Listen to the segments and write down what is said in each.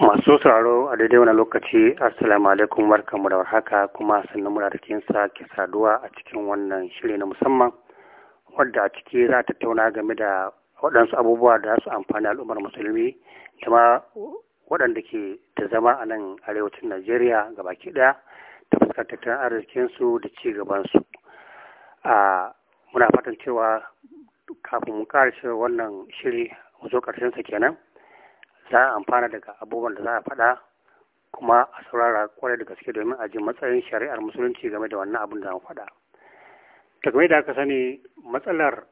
masu sauraro a daidai wani lokaci assalamu alaikum barkamu da warhaka kuma sannan muna cikin sake saduwa a cikin wannan shiri na musamman wadda a ciki za ta tauna game da waɗansu abubuwa da su amfani al'ummar musulmi da ma waɗanda ke ta zama a nan arewacin najeriya baki ɗaya ta fuskar tattalin arzikinsu da ci gabansu a muna fatan cewa kafin mu ƙarshe wannan shiri mu zo ƙarshensa kenan ta amfana daga abubuwan da za a faɗa kuma a saurara kwarai da gaske domin a ji matsayin shari'ar musulunci game da wannan abin da an faɗa ta game da aka sani matsalar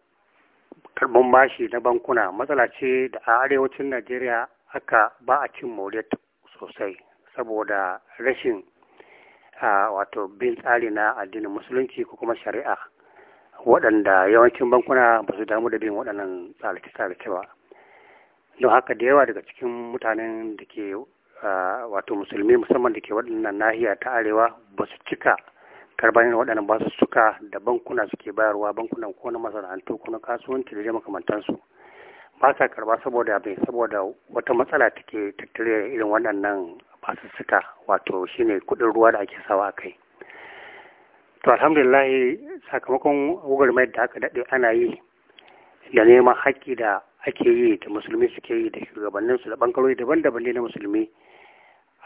karɓar bashi na bankuna matsala ce da a arewacin najeriya aka ba a cin moriyar sosai saboda rashin wato bin tsari na addinin musulunci ko kuma shari'a waɗanda yawancin bankuna ba su damu da bin waɗannan tsalace-tsalace ba don haka da yawa daga cikin mutanen da ke wato musulmi musamman da ke waɗannan nahiya ta arewa ba su cika karbanin waɗannan ba su suka da bankuna suke bayarwa bankunan ko na masana'antu ko na kasuwanci da makamantansu ba sa karba saboda abin saboda wata matsala take tattare irin waɗannan suka wato shine kuɗin ruwa da ake sawa a kai to alhamdulillah sakamakon wugar da aka daɗe ana yi da neman haƙƙi da ake yi da musulmi suke yi da shugabanninsu da bangarori daban-daban ne na musulmi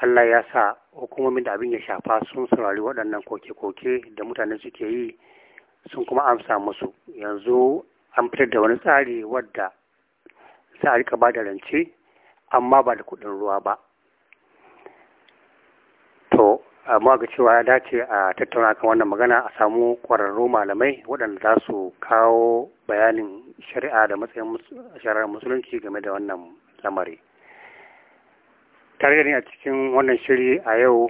Allah ya sa hukumomin da abin ya shafa sun saurari waɗannan koke-koke da mutane suke yi sun kuma amsa musu yanzu an fitar da wani tsari wadda za a rika ba da rance amma ba da kuɗin ruwa ba amma ga cewa ya dace a tattauna kan wannan magana a samu ƙwararru malamai waɗanda za su kawo bayanin shari'a da matsayin shari'ar musulunci game da wannan lamari tare da ni a cikin wannan shiri a yau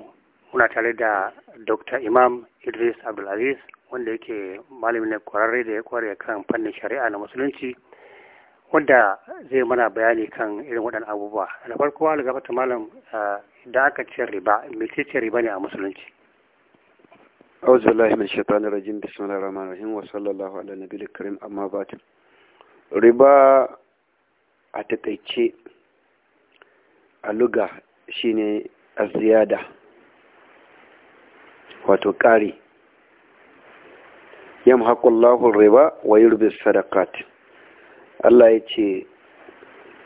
muna tare da dr imam idris abdulaziz wanda yake malami ne kwararre da ya kware kan fannin shari'a na musulunci wanda zai mana bayani kan irin waɗannan abubuwa da farko algaba malam da aka ce riba mecece riba ne a musulunci auzu billahi min shaitanir rajim bismillahir rahmanir rahim wa sallallahu ala nabiyil karim amma ba riba a takaice a luga shine aziyada wato ƙari yam haƙullahu riba wa yurbi sadakat Allah ya ce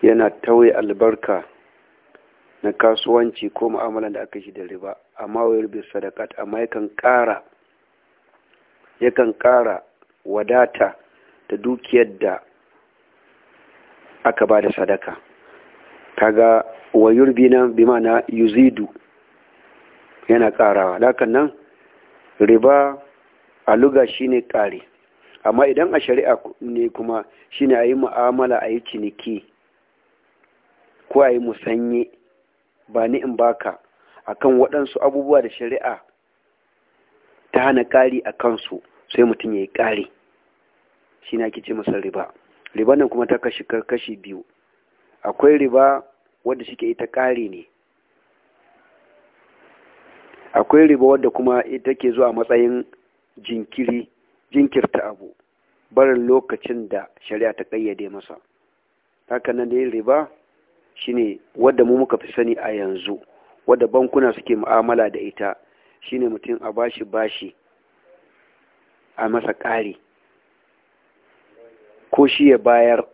yana tauye albarka na kasuwanci ko mu'amalan da aka shi da riba amma wayar bi sadakat amma yakan ƙara yakan ƙara wadata da dukiyar da aka ba da sadaka kaga wa yurbi nan bi mana yuzidu yana ƙarawa dakan nan riba a luga shine ƙare amma idan a shari'a ne kuma shine a yi mu'amala a ciniki ko ayi yi musanye ba ni in baka akan waɗansu abubuwa da shari'a ta hana ƙari a kansu sai mutum ya yi ƙari shi na kice masa riba riba nan kuma ta kashi karkashi biyu akwai riba wadda shike ita ƙari ne akwai riba wadda kuma ita ke zuwa matsayin jinkiri jinkirta abu barin lokacin da shari'a ta ƙayyade masa haka nan da yin riba shine wadda mu muka fi sani a yanzu wadda bankuna suke mu'amala da ita shine mutum a bashi bashi a masa ƙari ko shi ya bayar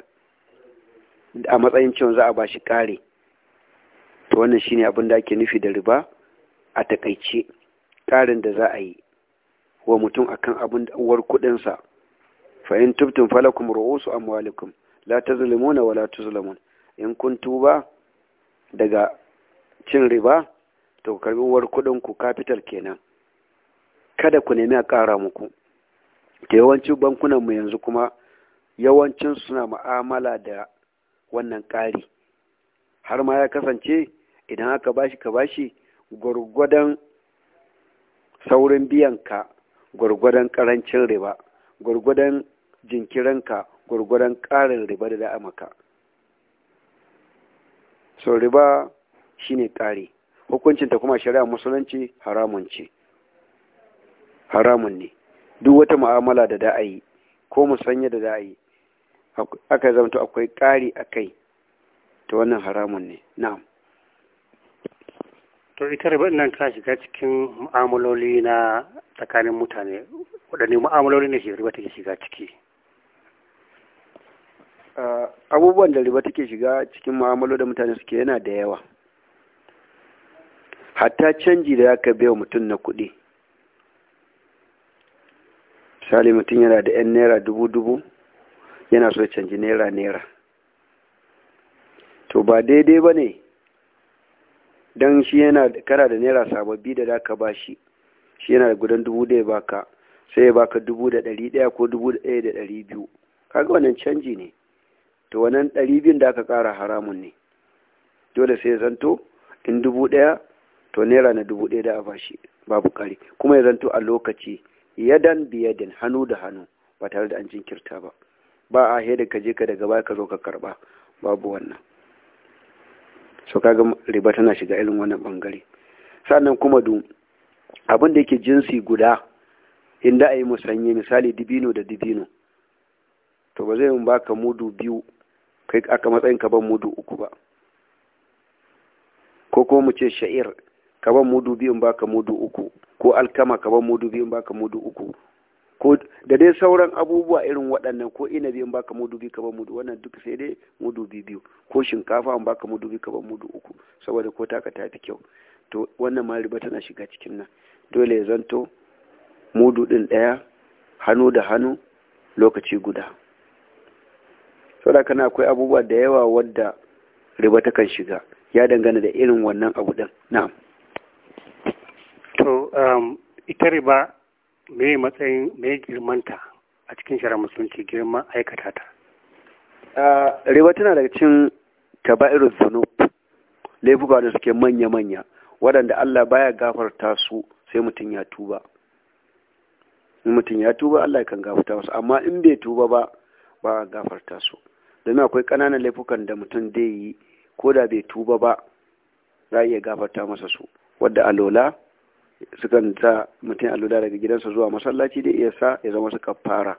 a matsayin cewa za a bashi ƙari to wannan shine abin da ake nufi da riba a takaice ƙarin da za a yi wa mutum akan abin da uwar kuɗinsa fa falakun rausu falakum ru'usu amwalikum la tazlimuna wa la tuzlamun in kun tuba daga cin riba to karbi uwar ku capital kenan kada ku nemi a ƙara muku Ta yawancin bankunan mu yanzu kuma yawancin suna mu'amala da wannan ƙari har ma ya kasance idan aka bashi ka bashi gwargwadon saurin biyanka gwargwadon karancin riba gwargwadon jinkirinka gwargwadon ƙarin riba da maka sau riba ne ƙari hukuncinta kuma shari'a musulunci haramun ce haramun ne duk wata ma'amala da da'ayi ko musanya da da'ayi aka zamto akwai ƙari a kai ta wannan haramun ne na'am to ita riba nan ta shiga cikin mu'amaloli na tsakanin mutane waɗanne mu'amaloli ne shi riba take shiga ciki Ah, abubuwan da riba take shiga cikin ma'amalo da mutane suke yana da yawa hatta canji da ya ka biya mutum na kuɗi misali mutum yana da 'yan naira dubu-dubu yana so canji naira-naira to ba daidai ba ne don shi yana kara da naira sababbi da za ka ba shi shi yana da gudan dubu da ya baka sai ya baka dubu da ɗari ɗaya ko dubu da ɗaya da ɗari biyu kaga wannan canji ne to wannan ɗari biyun da aka ƙara haramun ne dole sai ya zanto in dubu ɗaya to naira na dubu ɗaya da a bashi babu ƙari kuma ya zanto a lokaci yadan biyadin hannu da hannu ba tare da an jinkirta ba ba a da ka je ka daga baya ka zo ka karba babu wannan so kaga riba tana shiga irin wannan bangare sannan kuma du abin da yake jinsi guda inda a yi musanye misali dibino da dibino to ba zai baka mudu biyu kai aka matsayin ka ban mudu uku ba ko kuma mu ce sha'ir ka ban mudu biyun baka mudu uku ko alkama ka ban mudu biyun baka mudu uku ko da dai sauran abubuwa irin waɗannan ko ina biyun baka mudu biyu ka ban mudu wannan duk sai dai mudu biyu ko shinkafa in baka mudu biyu ka ban mudu uku saboda ko taka ta fi kyau to wannan ma riba tana shiga cikin nan dole ya zanto mudu ɗin ɗaya hannu da hannu lokaci guda saboda kan akwai abubuwa da yawa wadda riba ta kan shiga ya dangana da irin wannan abu din na'am to um, ita riba me matsayin me girmanta a cikin shara musulunci girma aikata ta riba tana daga cikin tabairu zunub laifuka da suke manya-manya waɗanda Allah baya gafarta su sai mutum ya tuba in mutum ya tuba Allah kan gafarta wasu amma in bai tuba ba ba a gafarta su domin akwai ƙananan laifukan da mutum zai yi ko da bai tuba ba za a iya gafarta masa su wadda alola sukan ta mutum alola daga gidansa zuwa masallaci da iya sa ya zama su kafara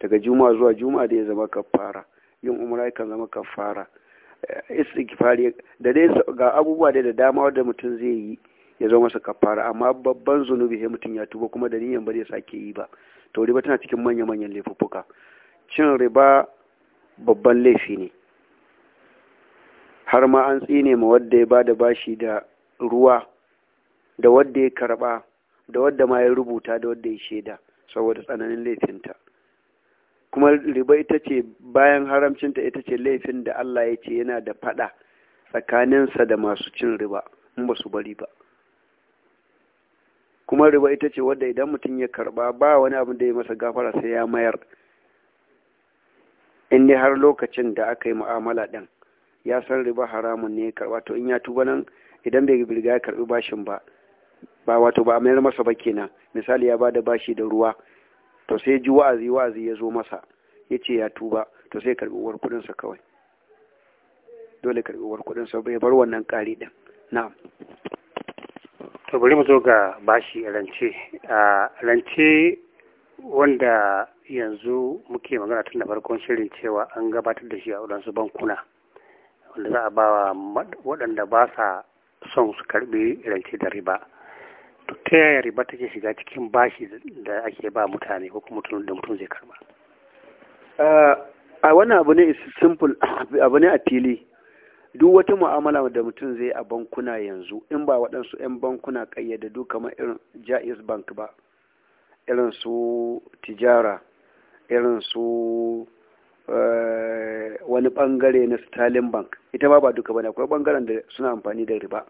daga juma'a zuwa juma'a da ya zama kafara yin umra kan zama kafara istighfari da dai ga abubuwa da dama wadda mutum zai yi ya zama masa kafara amma babban zunubi sai mutum ya tuba kuma da niyan ba zai sake yi ba to riba tana cikin manya-manyan laifuka cin riba babban laifi ne har ma an tsine ma wadda ya ba da bashi da ruwa da wadda ya karba da wadda ma ya rubuta da wadda ya shaida saboda tsananin laifinta kuma riba ita ce bayan haramcinta ita ce laifin da Allah ya ce yana da fada tsakaninsa da masu cin riba in ba su bari ba kuma riba ita ce wadda idan mutum ya karba ba wani abin da ya masa gafara sai ya mayar in dai har lokacin da aka yi mu'amala ɗin ya san riba haramun ne karɓa to in ya tuba nan idan bai riga ya karɓi bashin ba ba wato ba a mayar masa ba kenan misali ya bada bashi da ruwa to sai ji wa'azi wa'azi ya zo masa ya ce ya tuba to sai karɓi uwar kuɗinsa kawai dole karɓi uwar kuɗinsa bai bar wannan ƙari ɗin na. to bari mu zo ga bashi rance A rance wanda yanzu muke magana tun da farkon shirin cewa an gabatar da shi a waɗansu bankuna wanda za a ba wa waɗanda ba sa son su karɓi rance da riba to ta yaya riba take shiga cikin bashi da ake ba mutane ko kuma da mutum zai karɓa eh, a wannan abu ne simple abu ne a fili duk wata mu'amala da mutum zai a bankuna yanzu in ba waɗansu 'yan bankuna ƙayyadadu kamar irin jais bank ba irin su tijara irin su eh, wani bangare na stalin bank ita ma ba duka bane akwai bangaren da suna amfani da riba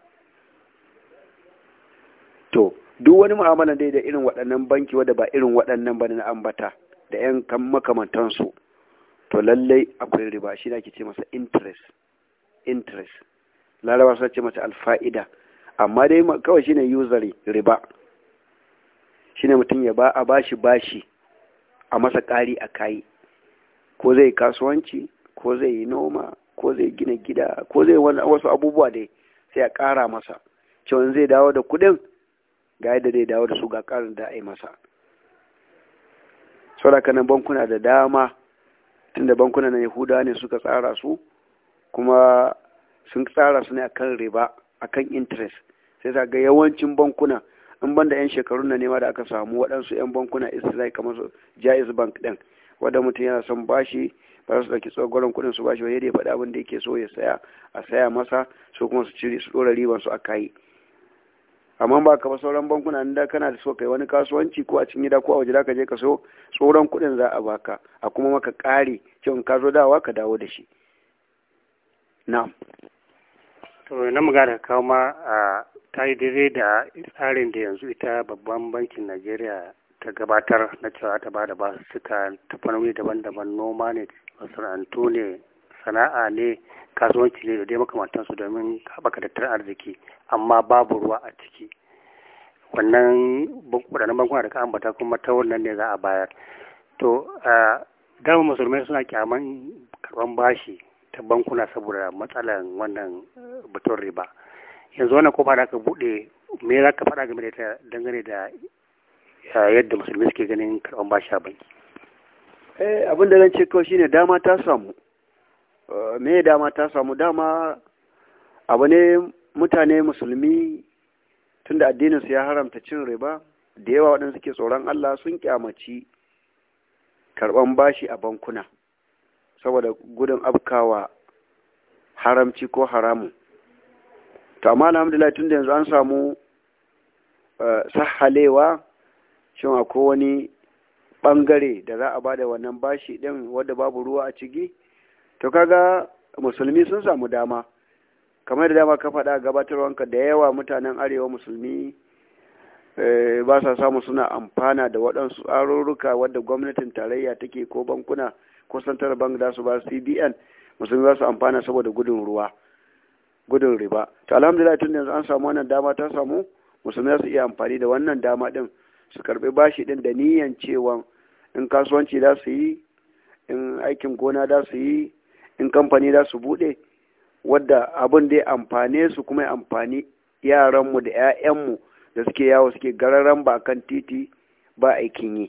to duk wani mu'amala dai da irin waɗannan banki wadda ba irin waɗannan ba na ambata da yan kan makamantansu to lallai akwai riba shi da ke ce masa interest interest laraba sace ce masa alfa'ida amma dai kawai shine usury riba shine mutum ya ba a bashi bashi a masa ƙari a kayi ko zai kasuwanci ko zai yi noma ko zai gina gida ko zai wasu abubuwa dai sai a ƙara masa cewa zai dawo da kuɗin ga yadda zai dawo da su ga ƙarin da a yi masa saboda nan bankuna da dama tunda bankuna na yahuda ne suka tsara su kuma sun tsara su ne akan riba akan interest sai ga yawancin bankuna in banda yan shekarun na ma da aka samu waɗansu yan bankuna istilai kamar su jaiz bank ɗin wanda mutum yana son bashi ba su ɗauki tsogoron kuɗin su bashi ba yadda ya faɗi abin da yake so ya saya a saya masa su kuma su cire su ɗora riban su a kayi amma ba ka ba sauran bankuna da kana da so kai wani kasuwanci ko a cikin gida ko a waje da ka je ka so tsoron kuɗin za a baka a kuma maka ƙari cewa ka zo dawa ka dawo da shi na'am to na magana kawo ma ta yi daidai da tsarin da yanzu ita babban bankin najeriya ta gabatar na cewa ta ba da ba su ta fannoni daban-daban noma ne masana'antu ne sana'a ne kasuwanci ne da dai makamantansu domin haɓaka tattalin arziki amma babu ruwa a ciki wannan waɗannan bankuna da ka ambata kuma ta wannan ne za a bayar to dama musulmai suna kyaman karɓan bashi ta bankuna saboda matsalar wannan eh, batun riba yanzu wannan kofa da aka buɗe me za ka faɗa game da ita dangane da eh, yadda musulmi suke ganin karɓar bashi a banki eh abin da zan ce kawai shine dama ta samu eh, me dama ta samu dama abu ne mutane musulmi tunda addinin su ya haramta cin riba da yawa waɗanda suke tsoron Allah sun kyamaci karɓan bashi a bankuna saboda gudun afkawa haramci ko haramun to amma alhamdulillah da yanzu an samu eh, sahalewa shin akwai wani bangare da za a bada wannan bashi din wadda babu ruwa a ciki to kaga musulmi sun samu dama kamar da dama ka faɗa gabatarwanka da yawa mutanen arewa musulmi eh, ba sa samu suna amfana da waɗansu tsarurruka wadda gwamnatin tarayya take ko bankuna ko santar bank da su ba cbn musulmi ba su amfana saboda gudun ruwa gudun riba to alhamdulillah tun yanzu an samu wannan dama ta samu musulmai su iya amfani da wannan dama din su karbi bashi din da niyan cewa in kasuwanci da su yi in aikin gona da su yi in kamfani da su bude wadda abin da ya amfane su kuma ya amfani yaranmu da 'ya'yanmu da suke yawo suke gararan ba kan titi ba aikin yi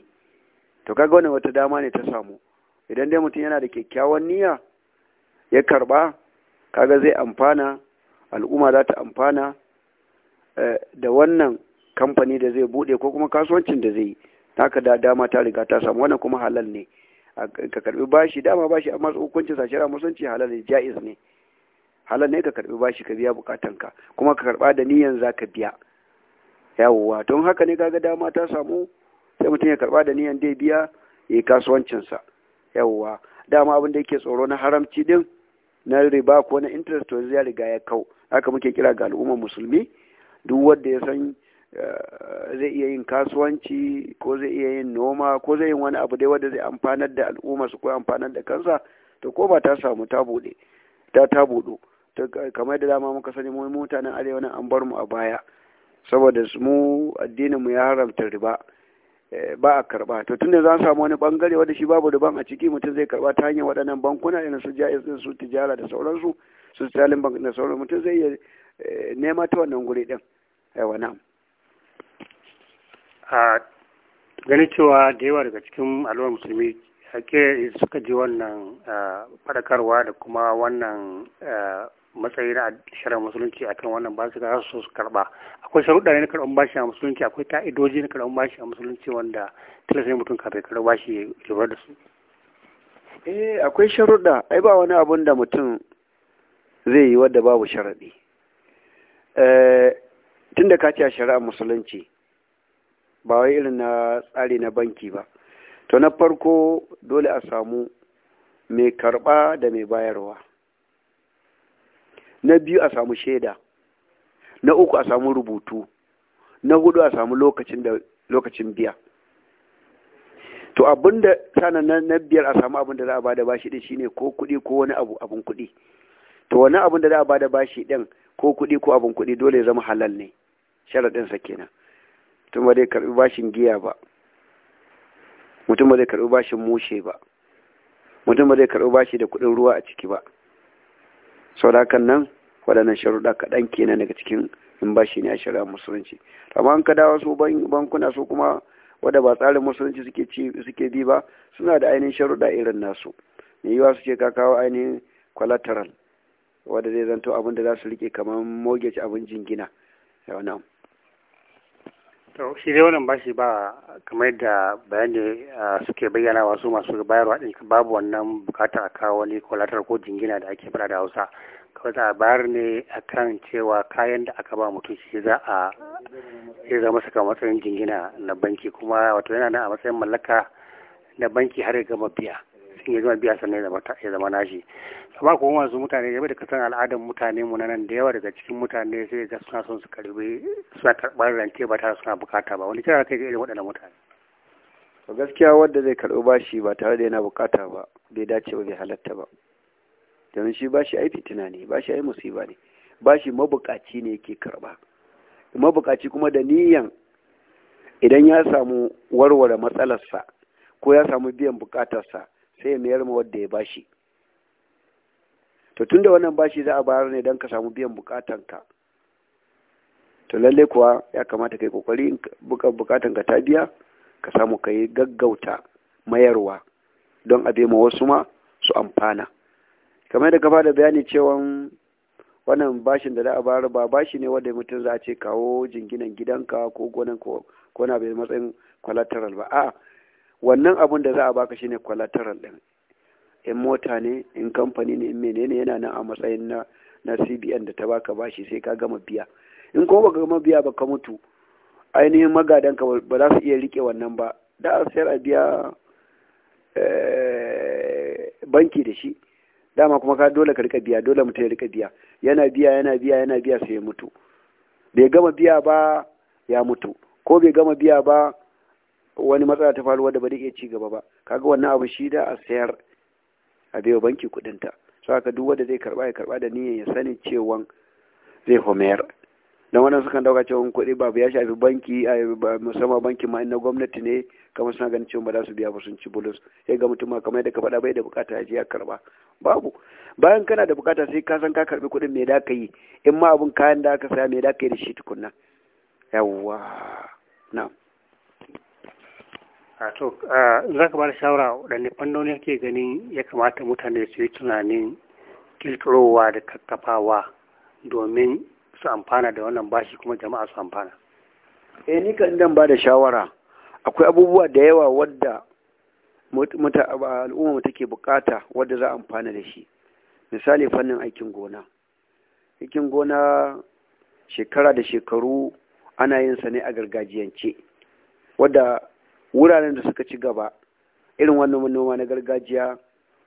to kaga wannan wata dama ne ta samu idan dai mutum yana da kyakkyawan niyya ya karba kaga zai amfana al'umma za ta amfana eh, da wannan kamfani da zai bude ko kuma kasuwancin da zai yi haka da dama ta riga ta samu wannan kuma halal ne ka karbi bashi dama bashi amma hukuncin sa shari'a musulunci halal ne jaiz ne halal ne ka karbi bashi ka biya bukatanka kuma ka karba da niyan zaka biya yawwa don haka ne kaga dama ta samu sai mutum ya karba da niyan dai biya ya yi kasuwancin sa yawwa dama abin da yake tsoro na haramci din na riba ko na interest to zai riga ya kau haka muke kira ga al'ummar musulmi duk wanda ya san eh, zai iya yin kasuwanci ko zai iya yin noma ko zai yin wani abu dai wanda zai amfanar da al'umma su ko amfanar da kansa to ko ba ta samu ta bude ta ta to kamar da dama muka sani mu mutanen arewa nan an bar mu a baya saboda mu addinin mu ya haramta riba eh, ba a karba to tunda za samu wani bangare wanda shi babu riban a ciki mutum zai karba ta hanyar waɗannan bankuna irin su jaiz din su tijara da sauransu su sterling bank na sauran mutum zai iya eh, nema ta wannan guri din yawa na a ganin cewa da yawa daga cikin al'ummar musulmi hake suka ji wannan fadakarwa da kuma wannan matsayi na shirin musulunci akan wannan basu ga su karba akwai sharuɗa ne na karɓar bashi a musulunci akwai ka'idoji na karɓar bashi a musulunci wanda tilasin mutum kafin karɓar bashi ya lura da su eh akwai sharuɗa ai ba wani abun da mutum zai yi wadda babu sharaɗi eh, tun da kaciya shari'ar musulunci ba wai irin na tsari na banki ba to na farko dole a samu mai karɓa da mai bayarwa na biyu a samu shaida na uku a samu rubutu na hudu a samu lokacin da lokacin biya to abinda sanan na biyar a samu abin da za a bada bashi din shine ko kuɗi ko wani abu abin kuɗi to wani abin da za a bada bashi ɗin ko kuɗi ko abin kuɗi dole ya zama halal ne sa kenan mutum ba zai karɓi bashin giya ba mutum ba zai karɓi bashin mushe ba mutum ba zai karɓi bashi da kuɗin ruwa a ciki ba sau da kan nan waɗannan sharuɗa kaɗan kenan daga cikin in bashi ne a shari'ar musulunci amma an ka dawo su bankuna su kuma wadda ba tsarin musulunci suke ci suke bi ba suna da ainihin sharuɗa irin nasu mai yiwa suke ce kawo ainihin collateral wadda zai zanto abin da za su rike kamar mortgage abin jingina yau nan to shi dai wannan bashi ba kamar yadda bayani suke bayyana wasu masu bayarwa din babu wannan bukata a kawo wani collateral ko jingina da ake fara da Hausa kawai za a bayar ne akan cewa kayan da aka ba mutum shi za a zai zama saka matsayin jingina na banki kuma wato yana nan a matsayin mallaka na banki har ya gama biya mutum ya zama biya sannan ya zama nashi amma kuma wasu mutane game da kasan al'adar mutane mu nan da yawa daga cikin mutane sai ga suna son su karbi suna karɓar rance ba tare suna bukata ba wani kira kai ga irin waɗannan mutane to gaskiya wanda zai karɓi bashi ba tare da yana bukata ba bai dace ba bai halatta ba domin shi bashi ai fitina ne bashi ai musiba ne bashi mabukaci ne yake karɓa mabukaci kuma da niyan idan ya samu warware matsalarsa ko ya samu biyan bukatarsa sai ya mayar ma wadda ya bashi to tun da wannan bashi za a bayar ne don ka samu biyan bukatanka to lallai kuwa ya kamata ka yi kokari bukatanka ta biya ka samu ka yi gaggauta mayarwa don a ma wasu ma su amfana kamar da gaba da bayani cewa wannan bashin da za a bayar ba bashi ne wanda mutum za a ce kawo jinginan gidanka ko gonan ko na bai matsayin collateral ba a'a wannan abun da za a baka shine collateral din in mota ne in kamfani ne in menene yana nan a matsayin na na CBN da ta baka bashi sai ka gama biya in ko baka gama biya ba ka mutu ainihin magadan ka ba za su iya rike wannan ba da a sayar a biya eh, banki da shi dama kuma ka dole ka rika biya dole mutum ya rika biya yana biya yana biya yana biya sai ya mutu bai gama biya ba ya mutu ko bai gama biya ba wani matsala ta faru wadda ba zai iya ci gaba ba kaga wannan abu shi da a sayar a biyo banki kudinta so haka duk wanda zai karba ya karba da niyyar ya sani cewa zai homer don wannan sukan dauka cewa kuɗi babu ya shafi banki musamman banki ma na gwamnati ne kamar suna ganin cewa ba za su biya ba sun ci bulus sai ga mutum kamar yadda ka faɗa bai da bukata ya je ya karba babu bayan kana da bukata sai ka san ka karbi kuɗin me da ka yi in ma abun kayan da aka saya me da ka yi da shi tukunna yawwa na'am a to za ka ba da shawara waɗanne fannoni ke ganin ya kamata mutane su yi tunanin kirkirowa da kakkafawa domin su amfana da wannan bashi kuma jama'a su amfana E, ni kan dan bada shawara akwai abubuwa da yawa wadda al'umma al'umma take bukata wadda za a amfana da shi misali fannin aikin gona aikin gona shekara da shekaru ana yin sa ne a gargajiyance wadda wuraren da suka ci gaba irin wannan noma na gargajiya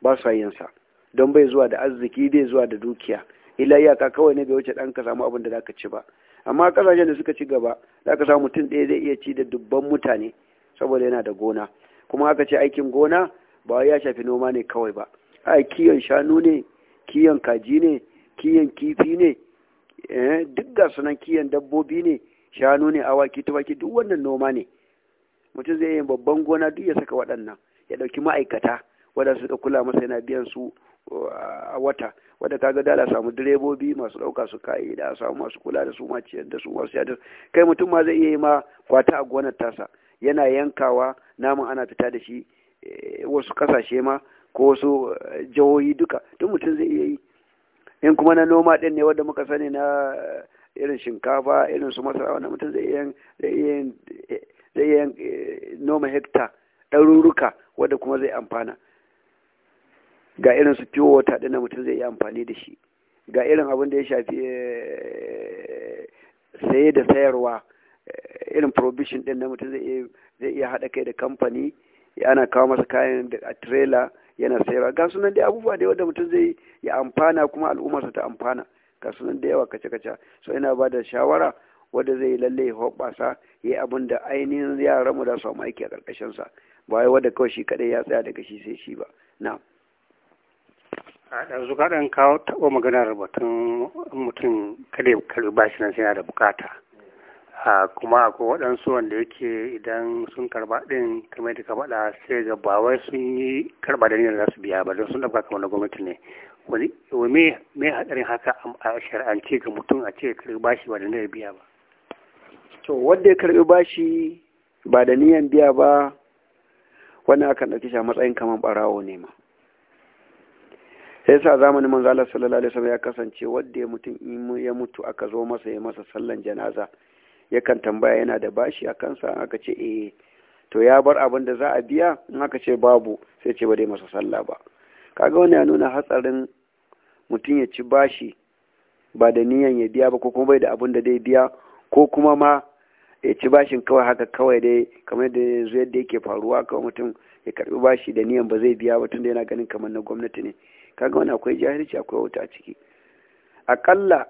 ba su hayyansa don bai zuwa da arziki dai zuwa da dukiya ila iyaka kawai ne bai wuce dan ka samu abin da za ka ci ba amma kasashen da suka ci gaba za ka samu mutum ɗaya zai iya ci da dubban mutane saboda yana da gona kuma aka ce aikin gona ba ya shafi noma ne kawai ba a kiyon shanu ne kiyon kaji ne kiyon kifi ne eh, duk ga sunan kiyon dabbobi ne shanu ne awaki tumaki duk wannan noma ne mutum zai yi babban gona duk ya saka waɗannan ya ɗauki ma'aikata wadda suka kula masa yana biyan su uh, a wata wadda kaga dala samu direbobi masu ɗauka su kayi da samu masu kula da su maciyar da su masu yadda kai mutum ma zai iya yi ma kwata a gonar tasa yana yankawa naman ana fita da shi eh, wasu kasashe ma ko wasu eh, jihohi duka duk mutum zai iya yi in kuma na noma ɗin ne wadda muka sani na eh, irin shinkafa irin su masara wannan mutum zai iya yin zai iya noma hekta ɗaruruka wadda kuma zai amfana ga irin su pure wata ɗin mutum zai yi amfani da shi ga irin abin da ya shafi eh, saye da sayarwa eh, irin provision ɗin na mutum zai iya haɗa kai da kamfani yana kawo masa kayan da a trailer yana sayarwa ga sunan dai abubuwa da wadda mutum zai yi amfana kuma al'ummarsa ta amfana ga sunan da yawa kace kace so ina ba da shawara wanda zai lalle ya hoɓasa ya abin da ainihin yaran mu da su aiki a ƙarƙashin sa ba wai wanda kawai shi kadai ya tsaya daga shi sai shi ba na a ɗanzu ka ɗan kawo taɓa maganar batun mutum kada ya karɓi bashi nan da bukata kuma akwai waɗansu wanda yake idan sun karba ɗin kamar da ka faɗa sai ga ba sun yi karba da niyyar su biya ba don sun ɗauka kamar na gwamnati ne wani me haɗarin haka a shari'ance ga mutum a ce karba shi ba da niyyar biya ba to wanda ya karbi bashi ba da niyan biya ba wannan akan ɗauki shi a matsayin kamar barawo ne ma sai sa zamanin manzo Allah sallallahu alaihi wasallam ya kasance wanda ya mutum ya mutu aka zo masa ya masa sallan janaza yakan tambaya yana da bashi a kansa aka ce eh to ya bar abin da za a biya in aka ce babu sai ce ba dai masa sallah ba kaga wannan ya nuna hatsarin mutum ya ci bashi ba da niyan ya biya ba ko kuma bai da abin da zai biya ko kuma ma ya ci bashin kawai haka kawai dai kamar da yanzu yadda yake faruwa kawai mutum ya karbi bashi da niyan ba zai biya ba tunda yana ganin kamar na gwamnati ne kaga wani akwai jahilci akwai wuta a ciki akalla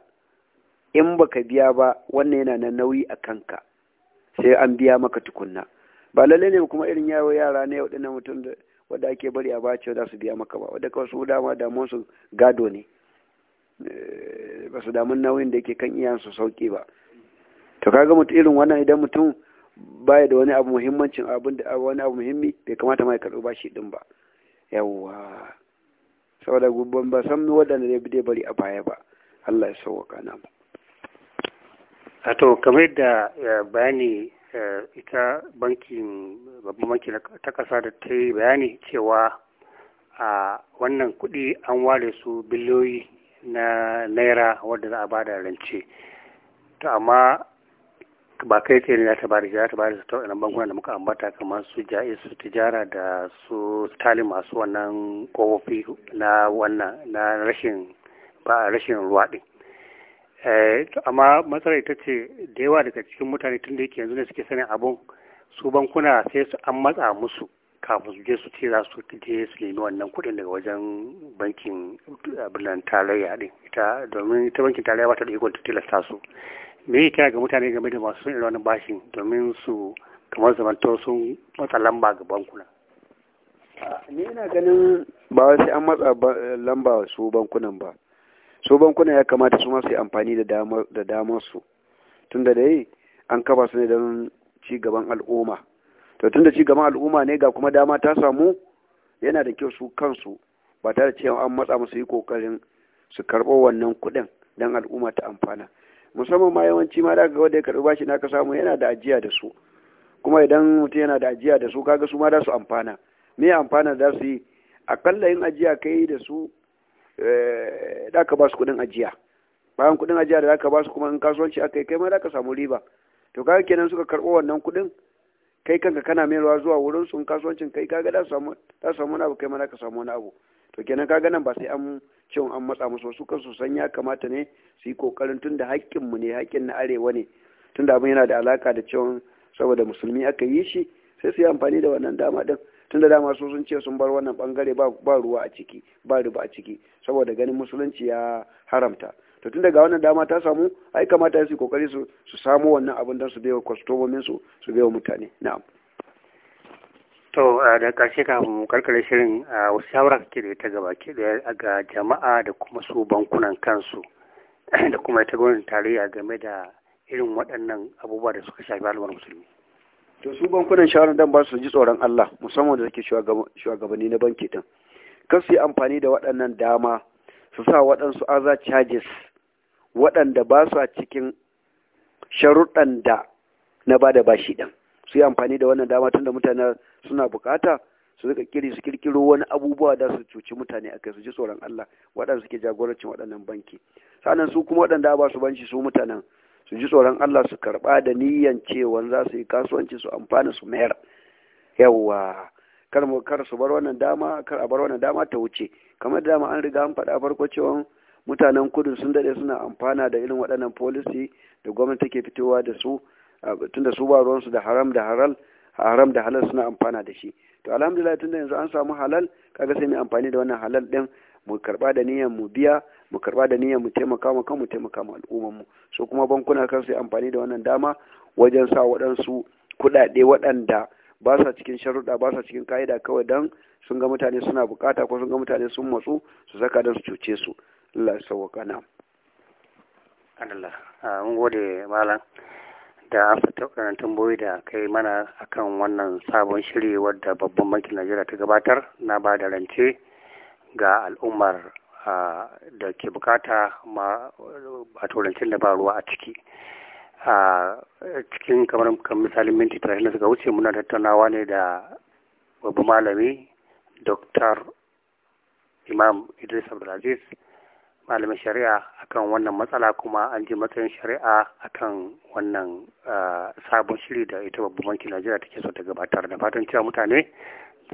in baka biya ba wannan yana na nauyi a kanka sai an biya maka tukunna ba lalle ne kuma irin yawo yara ne waɗannan mutum da wanda ake bari a bace za su biya maka ba wanda kawai su dama damuwar su gado ne eh, ba su damun nauyin da yake kan iyansu su sauki ba to kaga mutum irin wannan idan mutum baya da wani abu muhimmancin abin da wani abu muhimmi bai kamata mai karɓo karɓi bashi din ba yawwa saboda gubban ba san waɗanda zai bude bari a baya ba Allah ya sauwa na mu a to kamar da bayani ita bankin babban banki ta kasa da ta yi bayani cewa a wannan kuɗi an ware su biliyoyi na naira wadda za a ba da rance to amma ba kai ce ne za ta bari za ta bari ta wannan bankuna da muka ambata kamar su ja'i su tijara da su tali masu wannan kofofi na wannan na rashin ba rashin ruwa din eh, amma matsalar ita ce da yawa daga cikin mutane tun da yake yanzu ne suke sanin abun su bankuna sai su an matsa musu kafin su je su ce za su je su nemi wannan kuɗin daga wajen bankin birnin tarayya din ita domin ita bankin tarayya ba ta da ikon ta tilasta su me ya kira ga mutane game da masu irin wani bashin domin su kamar zamanto sun matsa lamba ga bankuna ne yana ganin ba sai an matsa lamba su bankunan ba su bankunan ya kamata su masu amfani da damar su tun da dai an kaba su ne don ci gaban al'umma to da ci gaban al'umma ne ga kuma dama ta samu yana da kyau su kansu ba tare da cewa an matsa musu yi kokarin su karɓo wannan kuɗin don al'umma ta amfana musamman ma yawanci ma da ga wanda ya karɓi bashi na ka samu yana da ajiya da su kuma idan mutum yana da ajiya da su kaga su ma da su amfana me amfana za su yi akalla yin ajiya ka yi da su da eh, ka ba su kuɗin ajiya bayan kuɗin ajiya da za ka ba su kuma in kasuwanci aka yi kai ma da ka samu riba to kaga kenan suka karɓo wannan kuɗin kai kanka kana mai ruwa zuwa wurin su in kasuwancin kai kaga da samu da samu wani abu kai ma da ka samu wani abu to kenan kaga nan ba sai an cewa an matsa musu su kansu san ya kamata ne su yi kokarin tun da haƙƙinmu ne haƙƙin na arewa ne tun da abin yana da alaka da cewa saboda musulmi aka yi shi sai su yi amfani da wannan dama din tun da dama su sun ce sun bar wannan bangare ba ruwa a ciki ba riba a ciki saboda ganin musulunci ya haramta to tun daga wannan dama ta samu ai kamata su yi kokari su samu wannan abin don su bai wa kwastomomin su su bai wa mutane na'am To da ƙarshe kafin karkare shirin wasu shawara kake da ita gaba ke ga jama'a da kuma su bankunan kansu da kuma ita gwamnatin tarayya game da irin waɗannan abubuwa da suka shafi al'ummar musulmi. To su bankunan shawarar dan ba su ji tsoron Allah musamman da suke shugabanni na banki din. kan su yi amfani da waɗannan dama su sa waɗansu aza charges waɗanda ba su a cikin sharuɗan da na ba da bashi ɗin. Su yi amfani da wannan dama tun da mutanen suna bukata su rika kiri su kirkiro wani abubuwa da su cuci mutane a kai su ji tsoron Allah waɗanda suke jagorancin waɗannan banki sannan su kuma waɗanda ba su banci su mutanen su ji tsoron Allah su karɓa da niyyan cewa za su yi kasuwanci su amfana su mayar yawa kar mu kar su bar wannan dama kar a bar wannan dama ta wuce kamar da dama an riga an faɗa farko cewa mutanen kudu sun dade suna amfana da irin waɗannan policy da gwamnati take fitowa da su tunda su ba ruwansu da haram da haram. haram da halal suna amfana da shi to alhamdulillah tunda yanzu an samu halal kaga sai mu amfani da wannan halal din mu karba da niyyar mu biya mu karba da niyyar mu taimaka kan mu taimaka mu al'ummar mu so kuma bankuna kan su amfani da wannan dama wajen sa waɗansu kuɗaɗe waɗanda ba sa cikin sharuɗa ba sa cikin ka'ida kawai dan sun ga mutane suna bukata ko sun ga mutane sun matsu su saka don su cuce su Allah ya sauwaka na Allah ah, mun gode malam da afata waɗannan tambayoyi da kai yi mana akan wannan sabon shiri wadda babban bankin najeriya ta gabatar na ba da rance ga al'ummar da ke bukata ma wato rancen da ba ruwa a ciki a cikin kamar misalin minti talatin da suka wuce muna tattaunawa ne da babban malami dr imam idris abdulaziz malamin shari'a akan wannan matsala kuma an ji matsayin shari'a akan wannan ah, sabon shiri da ita babban bankin najeriya take so ta gabatar da fatan cewa mutane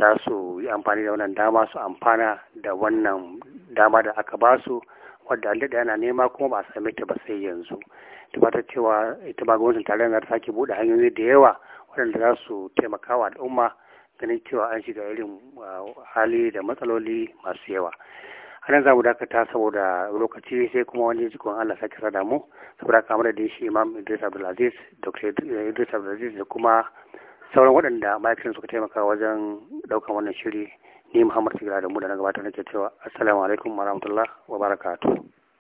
za su yi amfani da wannan dama su amfana da wannan dama da aka ba su wadda an daɗe ana nema kuma ba a same ta ba sai yanzu ta fatan cewa ita ma gwamnatin tarayyar na ta sake buɗe hanyoyi da yawa waɗanda za su taimaka wa al'umma ganin cewa an shiga irin ah, hali da matsaloli masu yawa anan za mu dakata saboda lokaci sai kuma wani jikon Allah sake sada mu saboda kamar da shi Imam Idris Abdulaziz Dr. Idris Abdulaziz da kuma sauran waɗanda ma'aikatan suka taimaka wajen ɗaukan wannan shiri ni Muhammad Sigara da mu da na gabata nake cewa assalamu alaikum wa rahmatullah wa barakatuh